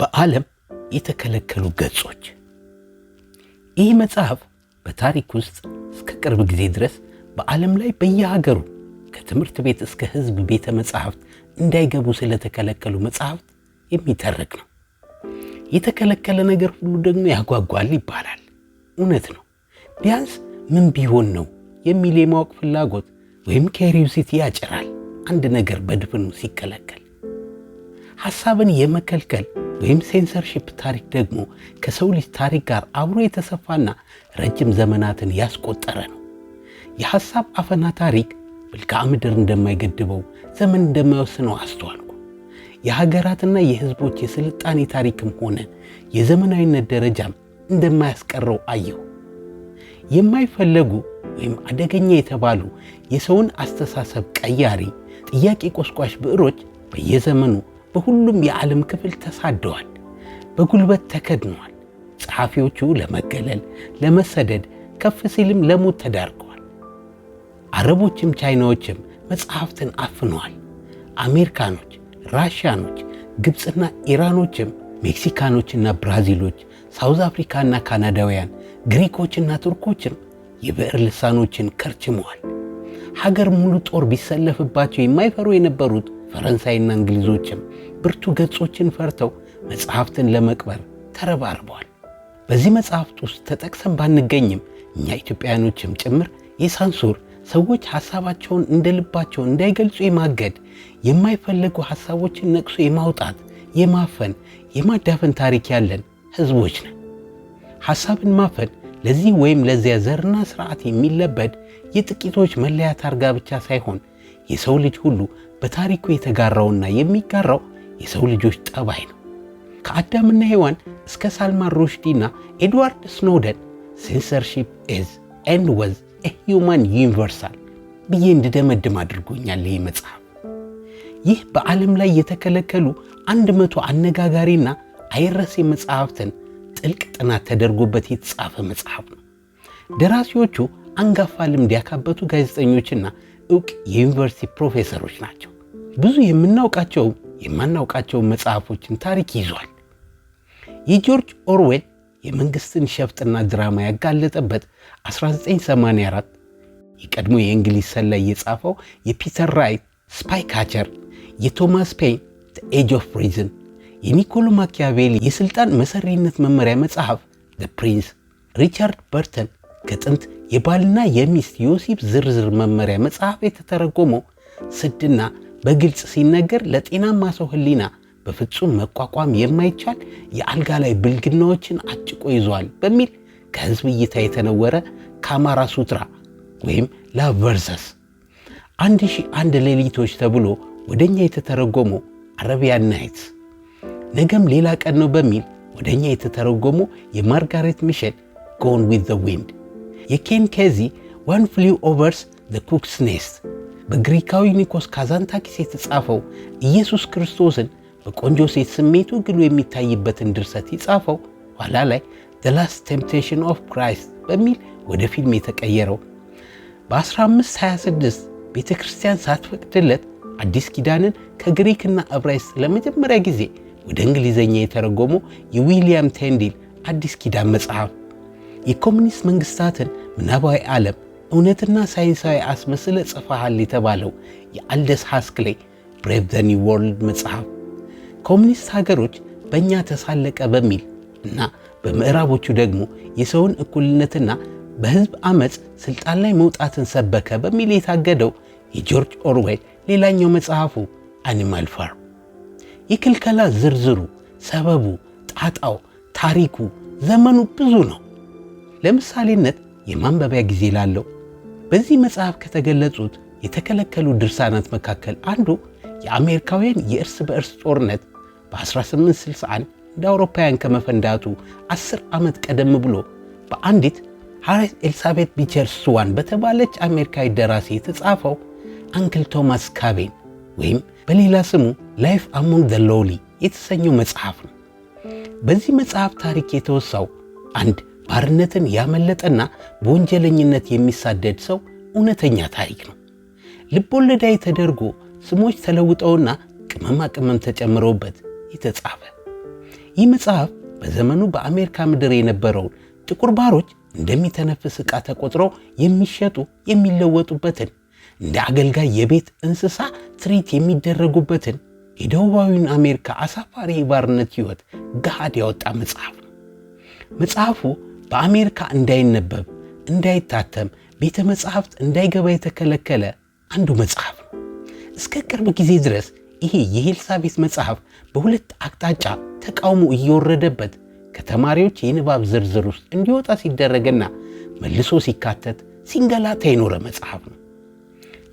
በዓለም የተከለከሉ ገጾች። ይህ መጽሐፍ በታሪክ ውስጥ እስከ ቅርብ ጊዜ ድረስ በዓለም ላይ በየሀገሩ ከትምህርት ቤት እስከ ሕዝብ ቤተ መጽሐፍት እንዳይገቡ ስለተከለከሉ መጽሐፍት የሚተርክ ነው። የተከለከለ ነገር ሁሉ ደግሞ ያጓጓል ይባላል። እውነት ነው። ቢያንስ ምን ቢሆን ነው የሚል የማወቅ ፍላጎት ወይም ኬሪዮሲቲ ያጭራል። አንድ ነገር በድፍኑ ሲከለከል ሐሳብን የመከልከል ወይም ሴንሰርሺፕ ታሪክ ደግሞ ከሰው ልጅ ታሪክ ጋር አብሮ የተሰፋና ረጅም ዘመናትን ያስቆጠረ ነው። የሐሳብ አፈና ታሪክ መልክዓ ምድር እንደማይገድበው ዘመን እንደማይወስነው አስተዋልኩ። የሀገራትና የሕዝቦች የስልጣኔ ታሪክም ሆነ የዘመናዊነት ደረጃም እንደማያስቀረው አየሁ። የማይፈለጉ ወይም አደገኛ የተባሉ የሰውን አስተሳሰብ ቀያሪ ጥያቄ ቆስቋሽ ብዕሮች በየዘመኑ በሁሉም የዓለም ክፍል ተሳደዋል፣ በጉልበት ተከድነዋል። ጸሐፊዎቹ ለመገለል፣ ለመሰደድ ከፍ ሲልም ለሞት ተዳርገዋል። አረቦችም ቻይናዎችም መጽሐፍትን አፍነዋል። አሜሪካኖች፣ ራሽያኖች፣ ግብፅና ኢራኖችም ሜክሲካኖችና ብራዚሎች፣ ሳውዝ አፍሪካና ካናዳውያን፣ ግሪኮችና ቱርኮችም የብዕር ልሳኖችን ከርችመዋል። ሀገር ሙሉ ጦር ቢሰለፍባቸው የማይፈሩ የነበሩት ፈረንሳይና እንግሊዞችም ብርቱ ገጾችን ፈርተው መጽሐፍትን ለመቅበር ተረባርበዋል። በዚህ መጽሐፍት ውስጥ ተጠቅሰን ባንገኝም እኛ ኢትዮጵያውያኖችም ጭምር የሳንሱር ሰዎች ሀሳባቸውን እንደ ልባቸው እንዳይገልጹ የማገድ የማይፈልጉ ሀሳቦችን ነቅሶ የማውጣት የማፈን የማዳፈን ታሪክ ያለን ህዝቦች ነን። ሀሳብን ማፈን ለዚህ ወይም ለዚያ ዘርና ስርዓት የሚለበድ የጥቂቶች መለያ ታርጋ ብቻ ሳይሆን የሰው ልጅ ሁሉ በታሪኩ የተጋራውና የሚጋራው የሰው ልጆች ጠባይ ነው። ከአዳምና ሔዋን እስከ ሳልማን ሩሽዲና ኤድዋርድ ስኖደን ሴንሰርሺፕ ኢዝ ኤንድ ወዝ ኤ ሂውማን ዩኒቨርሳል ብዬ እንድደመድም አድርጎኛል ይህ መጽሐፍ። ይህ በዓለም ላይ የተከለከሉ አንድ መቶ አነጋጋሪና አይረሴ መጽሐፍትን ጥልቅ ጥናት ተደርጎበት የተጻፈ መጽሐፍ ነው። ደራሲዎቹ አንጋፋ ልምድ ያካበቱ ጋዜጠኞችና እውቅ የዩኒቨርሲቲ ፕሮፌሰሮች ናቸው። ብዙ የምናውቃቸው የማናውቃቸውን መጽሐፎችን ታሪክ ይዟል። የጆርጅ ኦርዌል የመንግስትን ሸፍጥና ድራማ ያጋለጠበት 1984 የቀድሞ የእንግሊዝ ሰላይ የጻፈው የፒተር ራይት ስፓይ ካቸር፣ የቶማስ ፔን ኤጅ ኦፍ ፕሪዝን፣ የኒኮሎ ማኪያቬሊ የሥልጣን መሰሪነት መመሪያ መጽሐፍ ዘ ፕሪንስ፣ ሪቻርድ በርተን ከጥንት የባልና የሚስት ዮሴፍ ዝርዝር መመሪያ መጽሐፍ የተተረጎመው ስድና በግልጽ ሲነገር ለጤናማ ሰው ህሊና በፍጹም መቋቋም የማይቻል የአልጋ ላይ ብልግናዎችን አጭቆ ይዟል በሚል ከህዝብ እይታ የተነወረ ካማራ ሱትራ ወይም ላቨርሰስ አንድ ሺህ አንድ ሌሊቶች ተብሎ ወደኛ የተተረጎሞ አረቢያን ናይት ነገም ሌላ ቀን ነው በሚል ወደኛ የተተረጎሞ የማርጋሬት ሚሸል ጎን ዊዝ ዘ ዊንድ የኬን ኬዚ ዋን ፍሊው ኦቨርስ ዘ ኩክስ ኔስት በግሪካዊ ኒኮስ ካዛንታኪስ የተጻፈው ኢየሱስ ክርስቶስን በቆንጆ ሴት ስሜቱ ግሉ የሚታይበትን ድርሰት የጻፈው ኋላ ላይ ዘ ላስት ቴምፕቴሽን ኦፍ ክራይስት በሚል ወደ ፊልም የተቀየረው በ1526 ቤተ ክርስቲያን ሳትፈቅድለት አዲስ ኪዳንን ከግሪክና ዕብራይስጥ ለመጀመሪያ ጊዜ ወደ እንግሊዘኛ የተረጎመው የዊሊያም ቴንዲል አዲስ ኪዳን መጽሐፍ የኮሚኒስት መንግስታትን ምናባዊ ዓለም እውነትና ሳይንሳዊ አስመስለ ጽፋሃል የተባለው የአልደስ ሐስክሌ ብሬቭ ዘ ኒው ወርልድ መጽሐፍ ኮሚኒስት ሀገሮች በእኛ ተሳለቀ በሚል እና በምዕራቦቹ ደግሞ የሰውን እኩልነትና በህዝብ አመፅ ስልጣን ላይ መውጣትን ሰበከ በሚል የታገደው የጆርጅ ኦርዌል ሌላኛው መጽሐፉ አኒማል ፋር የክልከላ ዝርዝሩ፣ ሰበቡ፣ ጣጣው፣ ታሪኩ፣ ዘመኑ ብዙ ነው። ለምሳሌነት የማንበቢያ ጊዜ ላለው በዚህ መጽሐፍ ከተገለጹት የተከለከሉ ድርሳናት መካከል አንዱ የአሜሪካውያን የእርስ በእርስ ጦርነት በ1861 እንደ አውሮፓውያን ከመፈንዳቱ 10 ዓመት ቀደም ብሎ በአንዲት ሃሪስ ኤልሳቤት ቢቸር ስዋን በተባለች አሜሪካዊ ደራሲ የተጻፈው አንክል ቶማስ ካቤን ወይም በሌላ ስሙ ላይፍ አሞንግ ዘ ሎሊ የተሰኘው መጽሐፍ ነው። በዚህ መጽሐፍ ታሪክ የተወሳው አንድ ባርነትን ያመለጠና በወንጀለኝነት የሚሳደድ ሰው እውነተኛ ታሪክ ነው። ልቦለዳይ ተደርጎ ስሞች ተለውጠውና ቅመማ ቅመም ተጨምረውበት የተጻፈ ይህ መጽሐፍ በዘመኑ በአሜሪካ ምድር የነበረውን ጥቁር ባሮች እንደሚተነፍስ ዕቃ ተቆጥረው የሚሸጡ የሚለወጡበትን እንደ አገልጋይ የቤት እንስሳ ትሪት የሚደረጉበትን የደቡባዊውን አሜሪካ አሳፋሪ የባርነት ሕይወት ገሃድ ያወጣ መጽሐፍ ነው። መጽሐፉ በአሜሪካ እንዳይነበብ እንዳይታተም ቤተ መጽሐፍት እንዳይገባ የተከለከለ አንዱ መጽሐፍ ነው። እስከ ቅርብ ጊዜ ድረስ ይሄ የኤልሳቤት መጽሐፍ በሁለት አቅጣጫ ተቃውሞ እየወረደበት ከተማሪዎች የንባብ ዝርዝር ውስጥ እንዲወጣ ሲደረግና መልሶ ሲካተት ሲንገላታ የኖረ መጽሐፍ ነው።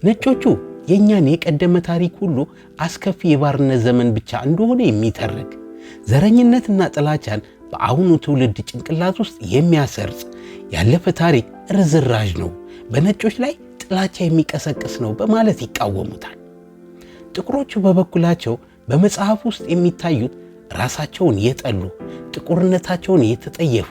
ነጮቹ የእኛን የቀደመ ታሪክ ሁሉ አስከፊ የባርነት ዘመን ብቻ እንደሆነ የሚተርክ ዘረኝነትና ጥላቻን በአሁኑ ትውልድ ጭንቅላት ውስጥ የሚያሰርጽ ያለፈ ታሪክ ርዝራዥ ነው፣ በነጮች ላይ ጥላቻ የሚቀሰቅስ ነው በማለት ይቃወሙታል። ጥቁሮቹ በበኩላቸው በመጽሐፍ ውስጥ የሚታዩት ራሳቸውን የጠሉ ጥቁርነታቸውን የተጠየፉ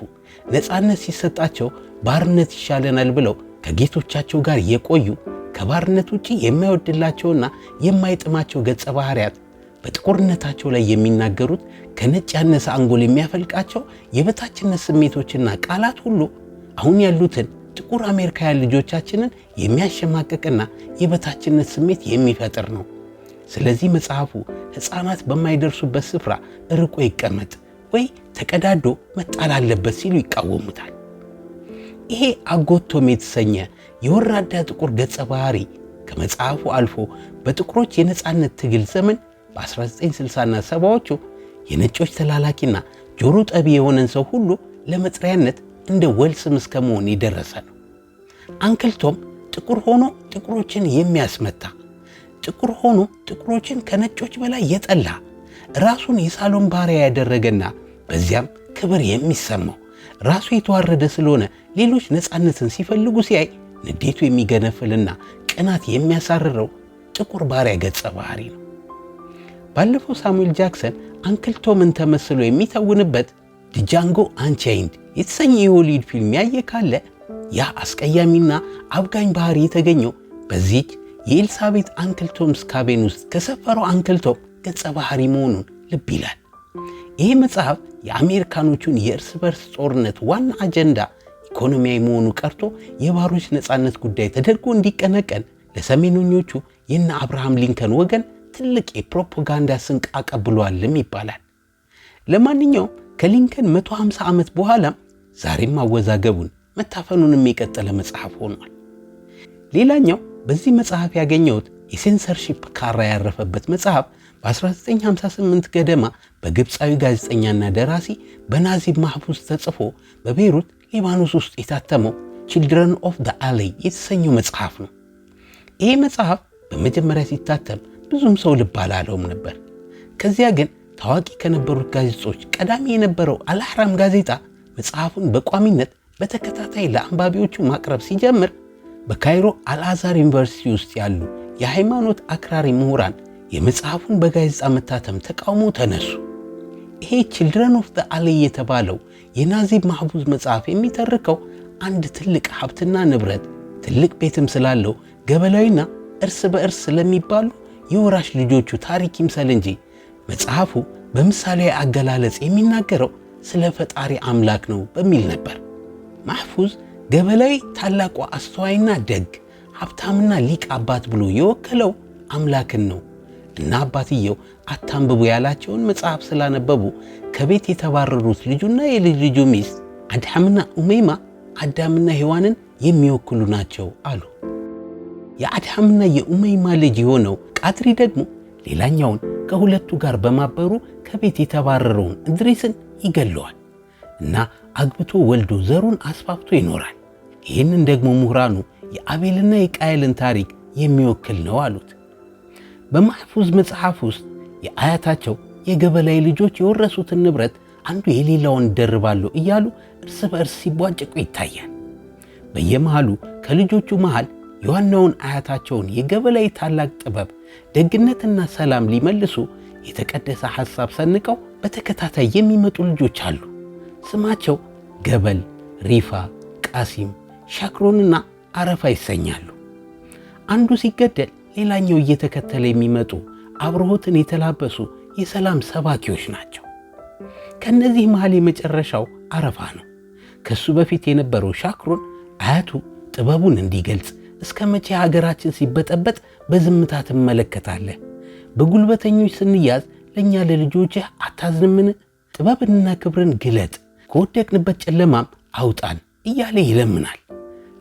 ነፃነት ሲሰጣቸው ባርነት ይሻለናል ብለው ከጌቶቻቸው ጋር የቆዩ ከባርነት ውጪ የማይወድላቸውና የማይጥማቸው ገጸ ባህሪያት በጥቁርነታቸው ላይ የሚናገሩት ከነጭ ያነሰ አንጎል የሚያፈልቃቸው የበታችነት ስሜቶችና ቃላት ሁሉ አሁን ያሉትን ጥቁር አሜሪካውያን ልጆቻችንን የሚያሸማቅቅና የበታችነት ስሜት የሚፈጥር ነው። ስለዚህ መጽሐፉ ሕፃናት በማይደርሱበት ስፍራ ርቆ ይቀመጥ ወይ ተቀዳዶ መጣል አለበት ሲሉ ይቃወሙታል። ይሄ አጎቶም የተሰኘ የወራዳ ጥቁር ገጸ ባህሪ ከመጽሐፉ አልፎ በጥቁሮች የነፃነት ትግል ዘመን በ1960ና ሰባዎቹ የነጮች ተላላኪና ጆሮ ጠቢ የሆነን ሰው ሁሉ ለመጥሪያነት እንደ ወልስም እስከ መሆን የደረሰ ነው። አንክል ቶም ጥቁር ሆኖ ጥቁሮችን የሚያስመታ ጥቁር ሆኖ ጥቁሮችን ከነጮች በላይ የጠላ ራሱን የሳሎን ባሪያ ያደረገና በዚያም ክብር የሚሰማው ራሱ የተዋረደ ስለሆነ ሌሎች ነፃነትን ሲፈልጉ ሲያይ ንዴቱ የሚገነፍልና ቅናት የሚያሳርረው ጥቁር ባሪያ ገጸ ባህሪ ነው። ባለፈው ሳሙኤል ጃክሰን አንክል ቶምን ተመስሎ የሚተውንበት ዲጃንጎ አንቻይንድ የተሰኘ የሆሊውድ ፊልም ያየ ካለ ያ አስቀያሚና አብጋኝ ባህሪ የተገኘው በዚች የኤልሳቤት አንክል ቶምስ ውስጥ ከሰፈረው አንክል ቶም ገጸ ባህሪ መሆኑን ልብ ይላል። ይህ መጽሐፍ የአሜሪካኖቹን የእርስ በርስ ጦርነት ዋና አጀንዳ ኢኮኖሚያዊ መሆኑ ቀርቶ የባሮች ነፃነት ጉዳይ ተደርጎ እንዲቀነቀን ለሰሜኖኞቹ የነ አብርሃም ሊንከን ወገን ትልቅ የፕሮፓጋንዳ ስንቅ አቀብሏልም ይባላል። ለማንኛውም ከሊንከን 150 ዓመት በኋላም ዛሬም አወዛገቡን መታፈኑንም የቀጠለ መጽሐፍ ሆኗል። ሌላኛው በዚህ መጽሐፍ ያገኘሁት የሴንሰርሺፕ ካራ ያረፈበት መጽሐፍ በ1958 ገደማ በግብፃዊ ጋዜጠኛና ደራሲ በናዚብ ማህፉዝ ተጽፎ በቤይሩት ሊባኖስ ውስጥ የታተመው ቺልድረን ኦፍ ደ የተሰኘው መጽሐፍ ነው። ይህ መጽሐፍ በመጀመሪያ ሲታተም ብዙም ሰው ልብ አላለውም ነበር። ከዚያ ግን ታዋቂ ከነበሩት ጋዜጦች ቀዳሚ የነበረው አልአህራም ጋዜጣ መጽሐፉን በቋሚነት በተከታታይ ለአንባቢዎቹ ማቅረብ ሲጀምር በካይሮ አልአዛር ዩኒቨርሲቲ ውስጥ ያሉ የሃይማኖት አክራሪ ምሁራን የመጽሐፉን በጋዜጣ መታተም ተቃውሞ ተነሱ። ይሄ ችልድረን ኦፍ ዘ አሌይ የተባለው የናዚብ ማህቡዝ መጽሐፍ የሚተርከው አንድ ትልቅ ሀብትና ንብረት ትልቅ ቤትም ስላለው ገበላዊና እርስ በእርስ ስለሚባሉ የወራሽ ልጆቹ ታሪክ ይምሰል እንጂ መጽሐፉ በምሳሌ አገላለጽ የሚናገረው ስለ ፈጣሪ አምላክ ነው በሚል ነበር። ማህፉዝ ገበላይ ታላቁ አስተዋይና ደግ ሀብታምና ሊቅ አባት ብሎ የወከለው አምላክን ነው እና አባትየው አታንብቡ ያላቸውን መጽሐፍ ስላነበቡ ከቤት የተባረሩት ልጁና የልጅ ልጁ ሚስት አድሐምና ኡሜማ አዳምና ሔዋንን የሚወክሉ ናቸው አሉ። የአድሐምና የኡሜማ ልጅ የሆነው ቃትሪ ደግሞ ሌላኛውን ከሁለቱ ጋር በማበሩ ከቤት የተባረረውን እንድሪስን ይገለዋል እና አግብቶ ወልዶ ዘሩን አስፋፍቶ ይኖራል። ይህንን ደግሞ ምሁራኑ የአቤልና የቃየልን ታሪክ የሚወክል ነው አሉት። በማሕፉዝ መጽሐፍ ውስጥ የአያታቸው የገበላይ ልጆች የወረሱትን ንብረት አንዱ የሌላውን ደርባለሁ እያሉ እርስ በእርስ ሲቧጭቁ ይታያል። በየመሃሉ ከልጆቹ መሃል የዋናውን አያታቸውን የገበላይ ታላቅ ጥበብ ደግነትና ሰላም ሊመልሱ የተቀደሰ ሐሳብ ሰንቀው በተከታታይ የሚመጡ ልጆች አሉ። ስማቸው ገበል፣ ሪፋ፣ ቃሲም፣ ሻክሮንና አረፋ ይሰኛሉ። አንዱ ሲገደል ሌላኛው እየተከተለ የሚመጡ አብርሆትን የተላበሱ የሰላም ሰባኪዎች ናቸው። ከእነዚህ መሃል የመጨረሻው አረፋ ነው። ከሱ በፊት የነበረው ሻክሮን አያቱ ጥበቡን እንዲገልጽ እስከ መቼ ሀገራችን ሲበጠበጥ በዝምታ ትመለከታለህ? በጉልበተኞች ስንያዝ ለእኛ ለልጆችህ አታዝንምን? ጥበብንና ክብርን ግለጥ፣ ከወደቅንበት ጨለማም አውጣን እያለ ይለምናል።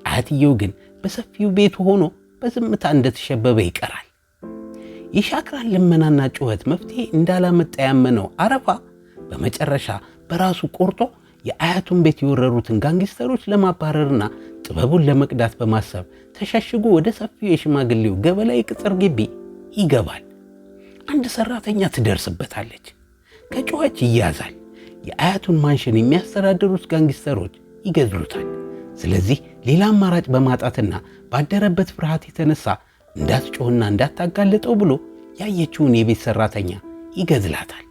አያትየው ግን በሰፊው ቤቱ ሆኖ በዝምታ እንደተሸበበ ይቀራል። የሻክራን ልመናና ጩኸት መፍትሄ እንዳላመጣ ያመነው አረፋ በመጨረሻ በራሱ ቆርጦ የአያቱን ቤት የወረሩትን ጋንግስተሮች ለማባረርና ጥበቡን ለመቅዳት በማሰብ ተሸሽጎ ወደ ሰፊው የሽማግሌው ገበላይ ቅጥር ግቢ ይገባል። አንድ ሰራተኛ ትደርስበታለች። ከጩኸች ይያዛል። የአያቱን ማንሽን የሚያስተዳድሩት ጋንግስተሮች ይገድሉታል። ስለዚህ ሌላ አማራጭ በማጣትና ባደረበት ፍርሃት የተነሳ እንዳትጮህና እንዳታጋልጠው ብሎ ያየችውን የቤት ሰራተኛ ይገድላታል።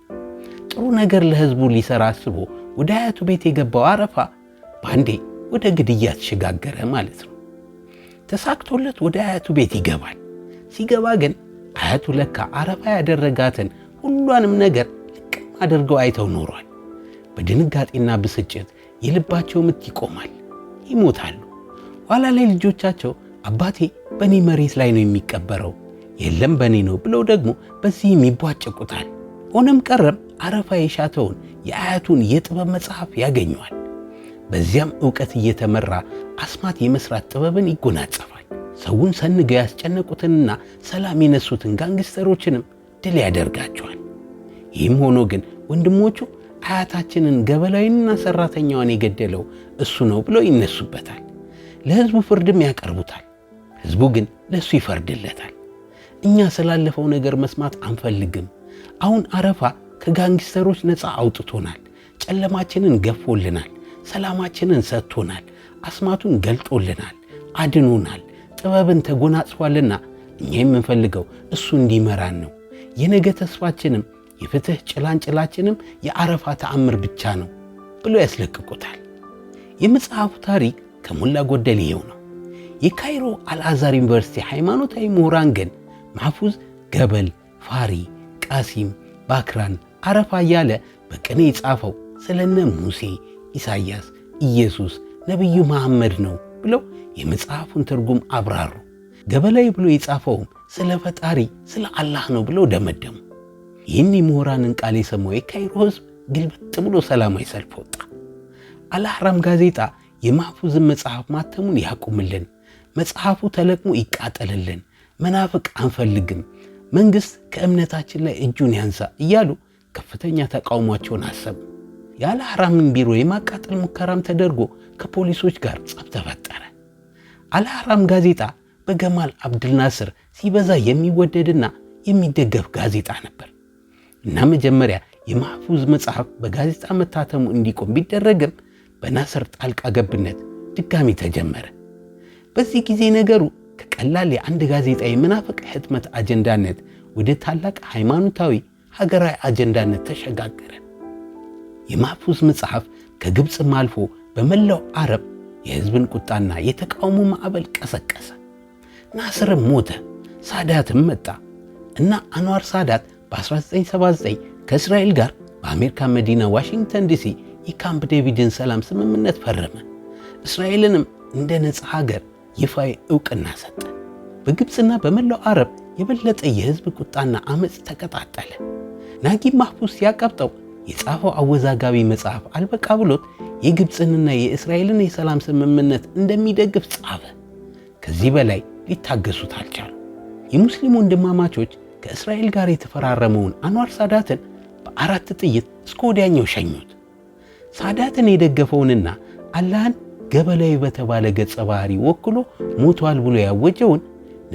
ጥሩ ነገር ለህዝቡ ሊሰራ አስቦ ወደ አያቱ ቤት የገባው አረፋ ባንዴ ወደ ግድያ ተሸጋገረ ማለት ነው። ተሳክቶለት ወደ አያቱ ቤት ይገባል። ሲገባ ግን አያቱ ለካ አረፋ ያደረጋትን ሁሏንም ነገር ልቅም አድርገው አይተው ኖሯል። በድንጋጤና ብስጭት የልባቸው ምት ይቆማል፣ ይሞታሉ። ኋላ ላይ ልጆቻቸው አባቴ በእኔ መሬት ላይ ነው የሚቀበረው፣ የለም በእኔ ነው ብለው ደግሞ በዚህም ይቧጨቁታል። ሆነም ቀረም አረፋ የሻተውን የአያቱን የጥበብ መጽሐፍ ያገኘዋል። በዚያም ዕውቀት እየተመራ አስማት የመስራት ጥበብን ይጎናጸፋል። ሰውን ሰንገ ያስጨነቁትንና ሰላም የነሱትን ጋንግስተሮችንም ድል ያደርጋቸዋል። ይህም ሆኖ ግን ወንድሞቹ አያታችንን ገበላዊንና ሠራተኛዋን የገደለው እሱ ነው ብለው ይነሱበታል። ለሕዝቡ ፍርድም ያቀርቡታል። ሕዝቡ ግን ለእሱ ይፈርድለታል። እኛ ስላለፈው ነገር መስማት አንፈልግም። አሁን አረፋ ከጋንግስተሮች ነፃ አውጥቶናል፣ ጨለማችንን ገፎልናል ሰላማችንን ሰጥቶናል፣ አስማቱን ገልጦልናል፣ አድኖናል፣ ጥበብን ተጎናጽፏልና እኛ የምንፈልገው እሱ እንዲመራን ነው። የነገ ተስፋችንም የፍትሕ ጭላንጭላችንም የአረፋ ተአምር ብቻ ነው ብሎ ያስለቅቁታል። የመጽሐፉ ታሪክ ከሞላ ጎደል ይሄው ነው። የካይሮ አልአዛር ዩኒቨርሲቲ ሃይማኖታዊ ምሁራን ግን ማፉዝ ገበል፣ ፋሪ፣ ቃሲም፣ ባክራን፣ አረፋ እያለ በቅኔ የጻፈው ስለነ ሙሴ ኢሳይያስ ኢየሱስ ነቢዩ መሐመድ ነው ብለው የመጽሐፉን ትርጉም አብራሩ። ገበላይ ብሎ የጻፈውም ስለ ፈጣሪ ስለ አላህ ነው ብለው ደመደሙ። ይህን የምሁራንን ቃል የሰማው የካይሮ ሕዝብ ግልብጥ ብሎ ሰላማዊ ሰልፍ ወጣ። አልአህራም ጋዜጣ የማፉዝን መጽሐፍ ማተሙን ያቁምልን፣ መጽሐፉ ተለቅሞ ይቃጠልልን፣ መናፍቅ አንፈልግም፣ መንግሥት ከእምነታችን ላይ እጁን ያንሳ እያሉ ከፍተኛ ተቃውሟቸውን አሰቡ። ያለ አራምን ቢሮ የማቃጠል ሙከራም ተደርጎ ከፖሊሶች ጋር ጸብ ተፈጠረ። አልአህራም ጋዜጣ በገማል አብድልናስር ሲበዛ የሚወደድና የሚደገፍ ጋዜጣ ነበር እና መጀመሪያ የማህፉዝ መጽሐፍ በጋዜጣ መታተሙ እንዲቆም ቢደረግም በናስር ጣልቃ ገብነት ድጋሚ ተጀመረ። በዚህ ጊዜ ነገሩ ከቀላል የአንድ ጋዜጣ የመናፍቅ ህትመት አጀንዳነት ወደ ታላቅ ሃይማኖታዊ ሀገራዊ አጀንዳነት ተሸጋገረ። የማፉዝ መጽሐፍ ከግብፅም አልፎ በመላው አረብ የህዝብን ቁጣና የተቃውሞ ማዕበል ቀሰቀሰ። ናስርም ሞተ፣ ሳዳትም መጣ እና አንዋር ሳዳት በ1979 ከእስራኤል ጋር በአሜሪካ መዲና ዋሽንግተን ዲሲ የካምፕ ዴቪድን ሰላም ስምምነት ፈረመ። እስራኤልንም እንደ ነፃ ሀገር ይፋዊ ዕውቅና ሰጠ። በግብፅና በመላው አረብ የበለጠ የህዝብ ቁጣና አመፅ ተቀጣጠለ። ናጊብ ማህፉዝ ሲያቀብጠው የጻፈው አወዛጋቢ መጽሐፍ አልበቃ ብሎት የግብፅንና የእስራኤልን የሰላም ስምምነት እንደሚደግፍ ጻፈ። ከዚህ በላይ ሊታገሱት አልቻሉ። የሙስሊም ወንድማማቾች ከእስራኤል ጋር የተፈራረመውን አንዋር ሳዳትን በአራት ጥይት እስከ ወዲያኛው ሸኙት። ሳዳትን የደገፈውንና አላህን ገበላዊ በተባለ ገጸ ባህሪ ወክሎ ሞቷል ብሎ ያወጀውን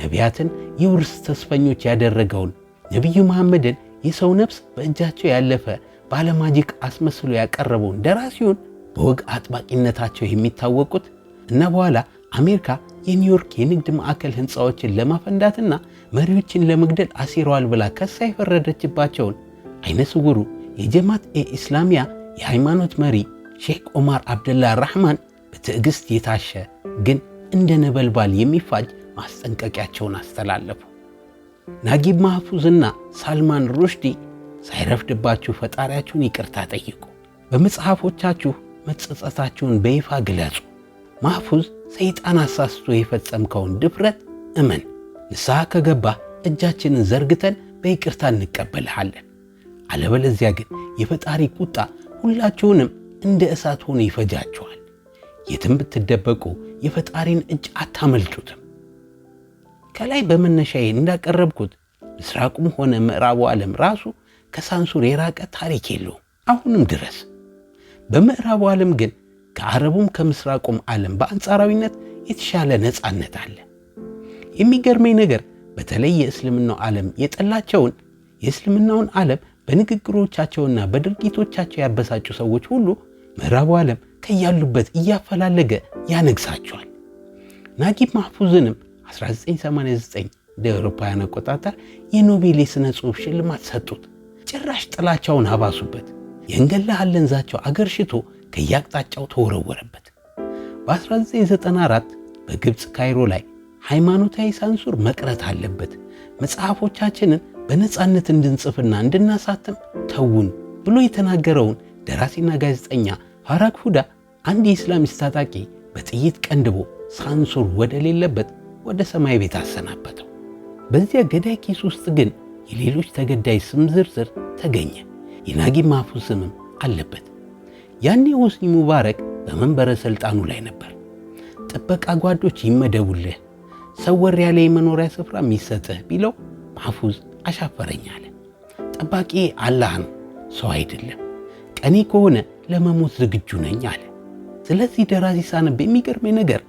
ነቢያትን የውርስ ተስፈኞች ያደረገውን ነቢዩ መሐመድን የሰው ነፍስ በእጃቸው ያለፈ ባለማጂክ አስመስሎ ያቀረበውን ደራሲውን በወግ አጥባቂነታቸው የሚታወቁት እና በኋላ አሜሪካ የኒውዮርክ የንግድ ማዕከል ህንፃዎችን ለማፈንዳትና መሪዎችን ለመግደል አሲረዋል ብላ ከሳ የፈረደችባቸውን አይነ ስውሩ የጀማት ኤ ኢስላሚያ የሃይማኖት መሪ ሼክ ኦማር አብደላ ራህማን በትዕግሥት የታሸ ግን እንደ ነበልባል የሚፋጅ ማስጠንቀቂያቸውን አስተላለፉ። ናጊብ ማህፉዝና ሳልማን ሩሽዲ ሳይረፍድባችሁ ፈጣሪያችሁን ይቅርታ ጠይቁ። በመጽሐፎቻችሁ መጸጸታችሁን በይፋ ግለጹ። ማፉዝ ሰይጣን አሳስቶ የፈጸምከውን ድፍረት እመን። ንስሐ ከገባ እጃችንን ዘርግተን በይቅርታ እንቀበልሃለን። አለበለዚያ ግን የፈጣሪ ቁጣ ሁላችሁንም እንደ እሳት ሆኖ ይፈጃችኋል። የትም ብትደበቁ የፈጣሪን እጅ አታመልጡትም። ከላይ በመነሻዬ እንዳቀረብኩት ምስራቁም ሆነ ምዕራቡ ዓለም ራሱ ከሳንሱር የራቀ ታሪክ የለውም አሁንም ድረስ። በምዕራቡ ዓለም ግን ከአረቡም ከምስራቁም ዓለም በአንጻራዊነት የተሻለ ነፃነት አለ። የሚገርመኝ ነገር በተለይ የእስልምናው ዓለም የጠላቸውን የእስልምናውን ዓለም በንግግሮቻቸውና በድርጊቶቻቸው ያበሳጩ ሰዎች ሁሉ ምዕራቡ ዓለም ከያሉበት እያፈላለገ ያነግሳቸዋል። ናጊብ ማህፉዝንም 1989 እንደ አውሮፓውያን አቆጣጠር የኖቤል የሥነ ጽሑፍ ሽልማት ሰጡት። ጭራሽ ጥላቻውን አባሱበት። የእንገላሃለን ዛቻው አገር ሽቶ ከየአቅጣጫው ተወረወረበት። በ1994 በግብፅ ካይሮ ላይ ሃይማኖታዊ ሳንሱር መቅረት አለበት፣ መጽሐፎቻችንን በነፃነት እንድንጽፍና እንድናሳትም ተውን ብሎ የተናገረውን ደራሲና ጋዜጠኛ ሐራክ ሁዳ አንድ የእስላሚስት ታጣቂ በጥይት ቀንድቦ ሳንሱር ወደሌለበት ወደ ሰማይ ቤት አሰናበተው። በዚያ ገዳይ ኬስ ውስጥ ግን የሌሎች ተገዳይ ስም ዝርዝር ተገኘ። የናጊ ማፉ ስምም አለበት። ያኔ ሆስኒ ሙባረክ በመንበረ ሥልጣኑ ላይ ነበር። ጥበቃ ጓዶች ይመደቡልህ፣ ሰወር ያለ የመኖሪያ ስፍራ የሚሰጥህ ቢለው ማፉዝ አሻፈረኝ አለ። ጠባቂ አላህ ነው ሰው አይደለም፣ ቀኔ ከሆነ ለመሞት ዝግጁ ነኝ አለ። ስለዚህ ደራሲ ሳነብ የሚገርመኝ ነገር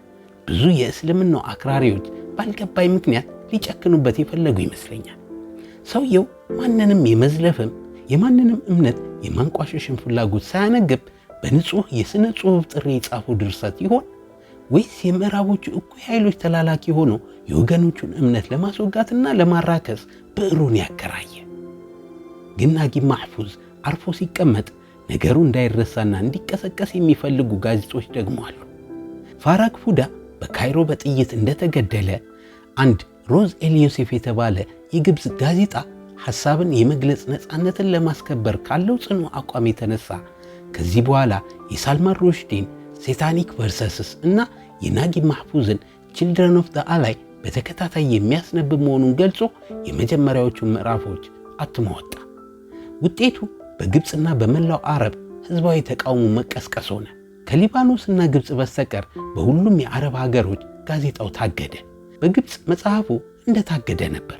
ብዙ የእስልምናው አክራሪዎች ባልገባኝ ምክንያት ሊጨክኑበት የፈለጉ ይመስለኛል። ሰውየው ማንንም የመዝለፍም የማንንም እምነት የማንቋሸሽን ፍላጎት ሳያነግብ በንጹህ የሥነ ጽሑፍ ጥሪ የጻፉ ድርሰት ይሆን ወይስ የምዕራቦቹ እኩይ ኃይሎች ተላላኪ ሆኖ የወገኖቹን እምነት ለማስወጋትና ለማራከስ ብዕሩን ያከራየ? ግን ናጊብ ማሕፉዝ አርፎ ሲቀመጥ ነገሩ እንዳይረሳና እንዲቀሰቀስ የሚፈልጉ ጋዜጦች ደግሞ አሉ። ፋራክ ፉዳ በካይሮ በጥይት እንደተገደለ አንድ ሮዝ ኤልዮሴፍ የተባለ የግብፅ ጋዜጣ ሐሳብን የመግለጽ ነፃነትን ለማስከበር ካለው ጽኑ አቋም የተነሳ ከዚህ በኋላ የሳልማን ሩሽዲን ሴታኒክ ቨርሰስስ እና የናጊ ማህፉዝን ችልድረን ኦፍ ዘ አላይ በተከታታይ የሚያስነብብ መሆኑን ገልጾ የመጀመሪያዎቹን ምዕራፎች አትሞ ወጣ። ውጤቱ በግብፅና በመላው አረብ ሕዝባዊ ተቃውሞ መቀስቀስ ሆነ። ከሊባኖስና ግብፅ በስተቀር በሁሉም የአረብ ሀገሮች ጋዜጣው ታገደ። በግብፅ መጽሐፉ እንደታገደ ነበር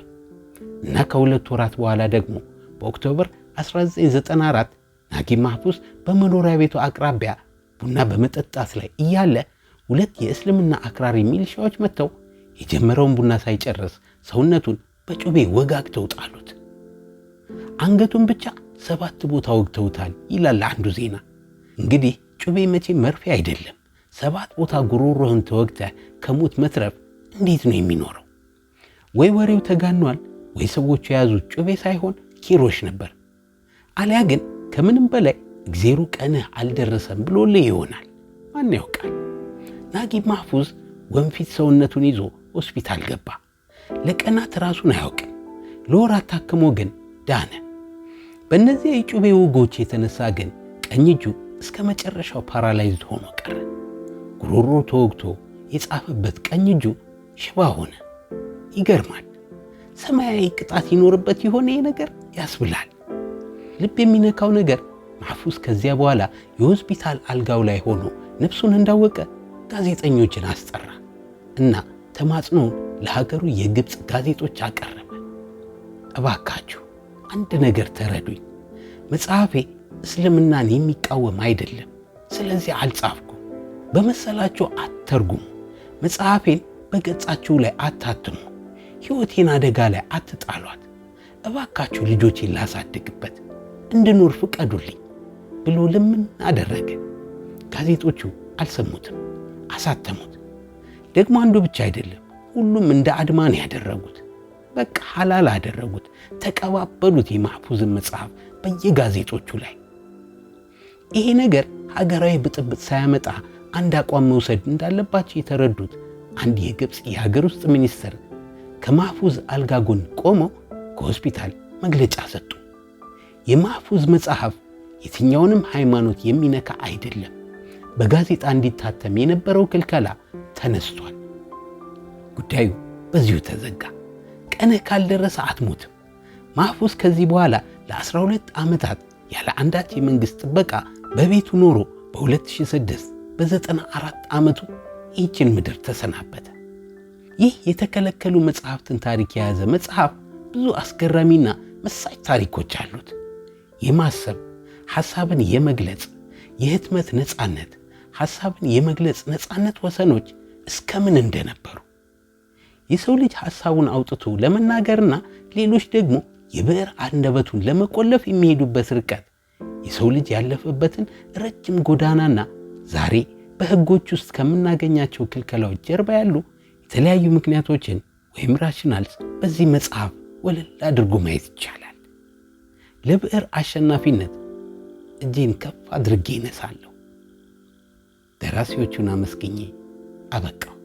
እና ከሁለት ወራት በኋላ ደግሞ በኦክቶበር 1994 ናጊብ ማህፉዝ በመኖሪያ ቤቱ አቅራቢያ ቡና በመጠጣት ላይ እያለ ሁለት የእስልምና አክራሪ ሚሊሻዎች መጥተው የጀመረውን ቡና ሳይጨርስ ሰውነቱን በጩቤ ወጋግተው ጣሉት። አንገቱን ብቻ ሰባት ቦታ ወግተውታል ይላል አንዱ ዜና። እንግዲህ ጩቤ መቼ መርፌ አይደለም። ሰባት ቦታ ጉሮሮህን ተወግተ ከሞት መትረፍ እንዴት ነው የሚኖረው? ወይ ወሬው ተጋኗል፣ ወይ ሰዎቹ የያዙት ጩቤ ሳይሆን ኪሮሽ ነበር። አሊያ ግን ከምንም በላይ እግዜሩ ቀንህ አልደረሰም ብሎልህ ይሆናል። ማን ያውቃል? ናጊብ ማህፉዝ ወንፊት ሰውነቱን ይዞ ሆስፒታል ገባ። ለቀናት ራሱን አያውቅም። ለወራት ታክሞ ግን ዳነ። በእነዚያ የጩቤ ውጎች የተነሳ ግን ቀኝ እጁ እስከ መጨረሻው ፓራላይዝድ ሆኖ ቀረ። ጉሮሮ ተወግቶ የጻፈበት ቀኝ እጁ ሽባ ሆነ። ይገርማል። ሰማያዊ ቅጣት ይኖርበት የሆነ ነገር ያስብላል። ልብ የሚነካው ነገር ማህፉዝ ከዚያ በኋላ የሆስፒታል አልጋው ላይ ሆኖ ነፍሱን እንዳወቀ ጋዜጠኞችን አስጠራ እና ተማጽኖውን ለሀገሩ የግብፅ ጋዜጦች አቀረበ። እባካችሁ አንድ ነገር ተረዱኝ። መጽሐፌ እስልምናን የሚቃወም አይደለም፣ ስለዚህ አልጻፍኩም። በመሰላችሁ አትተርጉሙ። መጽሐፌን በገጻችሁ ላይ አታትሙ። ሕይወቴን አደጋ ላይ አትጣሏት። እባካችሁ ልጆቼን ላሳድግበት እንድኖር ፍቀዱልኝ ብሎ ለምን አደረገ። ጋዜጦቹ አልሰሙትም፣ አሳተሙት። ደግሞ አንዱ ብቻ አይደለም፣ ሁሉም እንደ አድማን ያደረጉት። በቃ ሐላል አደረጉት፣ ተቀባበሉት። የማህፉዝን መጽሐፍ በየጋዜጦቹ ላይ ይሄ ነገር ሀገራዊ ብጥብጥ ሳያመጣ አንድ አቋም መውሰድ እንዳለባቸው የተረዱት አንድ የግብፅ የሀገር ውስጥ ሚኒስትር ከማፉዝ አልጋ ጎን ቆመው ከሆስፒታል መግለጫ ሰጡ። የማፉዝ መጽሐፍ የትኛውንም ሃይማኖት የሚነካ አይደለም። በጋዜጣ እንዲታተም የነበረው ክልከላ ተነስቷል። ጉዳዩ በዚሁ ተዘጋ። ቀንህ ካልደረሰ አትሞትም። ማፉዝ ከዚህ በኋላ ለ12 ዓመታት ያለ አንዳች የመንግሥት ጥበቃ በቤቱ ኖሮ በ2006 በ94 ዓመቱ ይህችን ምድር ተሰናበተ። ይህ የተከለከሉ መጽሐፍትን ታሪክ የያዘ መጽሐፍ ብዙ አስገራሚና መሳጭ ታሪኮች አሉት። የማሰብ ሐሳብን የመግለጽ የህትመት ነፃነት፣ ሐሳብን የመግለጽ ነፃነት ወሰኖች እስከ ምን እንደነበሩ የሰው ልጅ ሐሳቡን አውጥቶ ለመናገርና ሌሎች ደግሞ የብዕር አንደበቱን ለመቆለፍ የሚሄዱበት ርቀት የሰው ልጅ ያለፈበትን ረጅም ጎዳናና ዛሬ በህጎች ውስጥ ከምናገኛቸው ክልከላዎች ጀርባ ያሉ የተለያዩ ምክንያቶችን ወይም ራሽናልስ በዚህ መጽሐፍ ወለል አድርጎ ማየት ይቻላል። ለብዕር አሸናፊነት እጄን ከፍ አድርጌ ይነሳለሁ። ደራሲዎቹን አመስግኜ አበቃው።